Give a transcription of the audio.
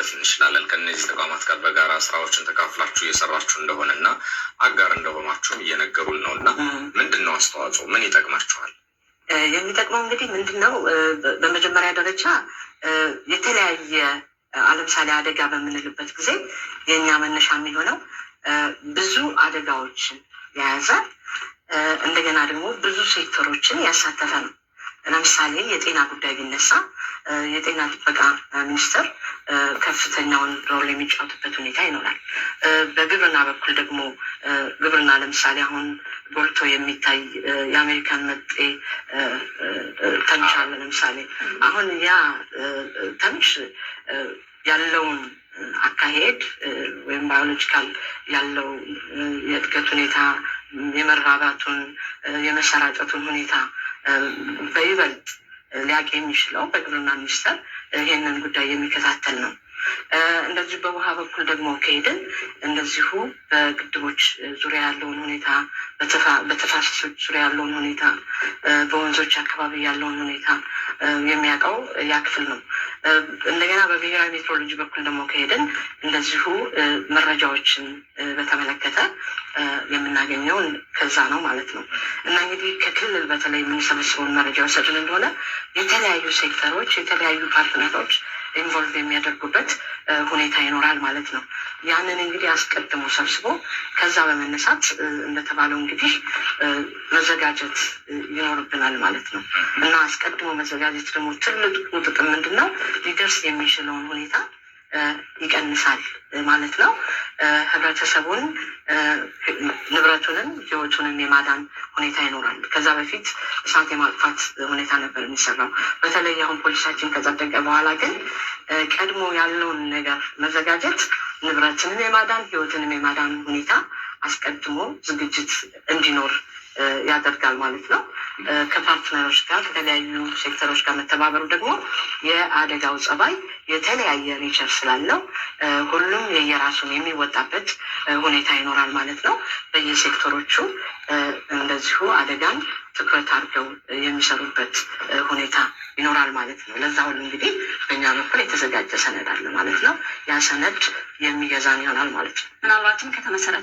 ማለት እንችላለን። ከእነዚህ ተቋማት ጋር በጋራ ስራዎችን ተካፍላችሁ እየሰራችሁ እንደሆነ እና አጋር እንደሆናችሁም እየነገሩን ነው እና ምንድን ነው አስተዋጽኦ? ምን ይጠቅማችኋል? የሚጠቅመው እንግዲህ ምንድን ነው? በመጀመሪያ ደረጃ የተለያየ ለምሳሌ አደጋ በምንልበት ጊዜ የእኛ መነሻ የሚሆነው ብዙ አደጋዎችን የያዘ እንደገና ደግሞ ብዙ ሴክተሮችን ያሳተፈ ነው። ለምሳሌ የጤና ጉዳይ ቢነሳ የጤና ጥበቃ ሚኒስቴር ከፍተኛውን ሮል የሚጫወትበት ሁኔታ ይኖራል። በግብርና በኩል ደግሞ ግብርና ለምሳሌ አሁን ጎልቶ የሚታይ የአሜሪካን መጤ ተምች አለ። ለምሳሌ አሁን ያ ተምች ያለውን አካሄድ ወይም ባዮሎጂካል ያለው የእድገት ሁኔታ የመራባቱን የመሰራጨቱን ሁኔታ በይበልጥ ሊያቅ የሚችለው በግብርና ሚኒስቴር ይህንን ጉዳይ የሚከታተል ነው። እንደዚሁ በውሃ በኩል ደግሞ ከሄድን እንደዚሁ በግድቦች ዙሪያ ያለውን ሁኔታ፣ በተፋሰሶች ዙሪያ ያለውን ሁኔታ፣ በወንዞች አካባቢ ያለውን ሁኔታ የሚያውቀው ያ ክፍል ነው። እንደገና በብሔራዊ ሜትሮሎጂ በኩል ደግሞ ከሄድን እንደዚሁ መረጃዎችን በተመለከተ የምናገኘውን ከዛ ነው ማለት ነው እና እንግዲህ ከክልል በተለይ የምንሰበስበውን መረጃ ወሰድን እንደሆነ የተለያዩ ሴክተሮች የተለያዩ ፓርትነሮች ኢንቮልቭ የሚያደርጉበት ሁኔታ ይኖራል ማለት ነው። ያንን እንግዲህ አስቀድሞ ሰብስቦ ከዛ በመነሳት እንደተባለው እንግዲህ መዘጋጀት ይኖርብናል ማለት ነው እና አስቀድሞ መዘጋጀት ደግሞ ትልቁ ጥቅም ምንድን ነው? ሊደርስ የሚችለውን ሁኔታ ይቀንሳል ማለት ነው። ህብረተሰቡን፣ ንብረቱንም፣ ህይወቱንም የማዳን ሁኔታ ይኖራል። ከዛ በፊት እሳት የማጥፋት ሁኔታ ነበር የሚሰራው። በተለይ አሁን ፖሊሳችን ከጸደቀ በኋላ ግን ቀድሞ ያለውን ነገር መዘጋጀት ንብረትንም የማዳን ህይወትንም የማዳን ሁኔታ አስቀድሞ ዝግጅት እንዲኖር ያደርጋል ማለት ነው። ከፓርትነሮች ጋር ከተለያዩ ሴክተሮች ጋር መተባበሩ ደግሞ የአደጋው ጸባይ የተለያየ ኔቸር ስላለው ሁሉም የየራሱን የሚወጣበት ሁኔታ ይኖራል ማለት ነው። በየሴክተሮቹ እንደዚሁ አደጋን ትኩረት አድርገው የሚሰሩበት ሁኔታ ይኖራል ማለት ነው። ለዛ ሁሉ እንግዲህ በእኛ በኩል የተዘጋጀ ሰነድ አለ ማለት ነው። ያ ሰነድ የሚገዛን ይሆናል ማለት ነው። ምናልባትም ከተመሰረተ